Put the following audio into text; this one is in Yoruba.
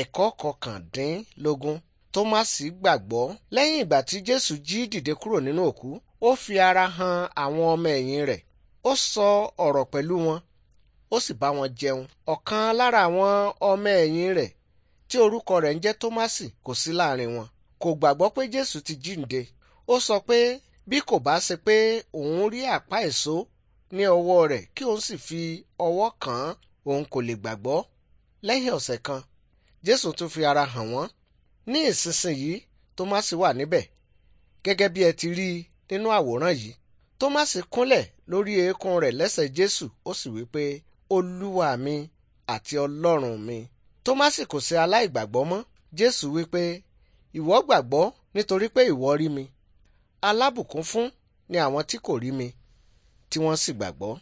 ẹ̀kọ́ kọkàndínlógún tómásì gbàgbọ́ lẹ́yìn ìgbà tí jésù jí dìde kúrò nínú òkú ó fi ara han àwọn ọmọ ẹ̀yìn rẹ̀ ó sọ ọ̀rọ̀ pẹ̀lú wọn ó sì bá wọn jẹun ọ̀kan lára àwọn ọmọ ẹ̀yìn rẹ̀ tí orúkọ rẹ̀ ń jẹ́ tómásì kò sí láàrin wọn kò gbàgbọ́ pé jésù ti jíǹde ó sọ pé bí kò bá ṣe pé òun rí àpá èso ní ọwọ́ rẹ̀ kí òun sì fi ọwọ́ kàn án òun kò lè gbàgbọ́ lẹ́yìn ọ̀sẹ̀ kan jésù tún fi ara hàn wọ́n ní ìsinsìnyí tómásì wà níbẹ̀ gẹ́gẹ́ bí ẹ ti rí i nínú àwòrán yìí tómásì kúnlẹ̀ lórí eékún rẹ̀ lẹ́sẹ̀ jésù ó sì wí pé olúwa mi àti ọlọ́run mi tómásì kò ṣe aláìgbàgbọ́ mọ́ jésù wí pé ìwọ gbàgbọ́ nítorí pé ìwọ rí mi alábùkún fún ni àwọn tí kò rí mi tí wọ́n sì gbàgbọ́.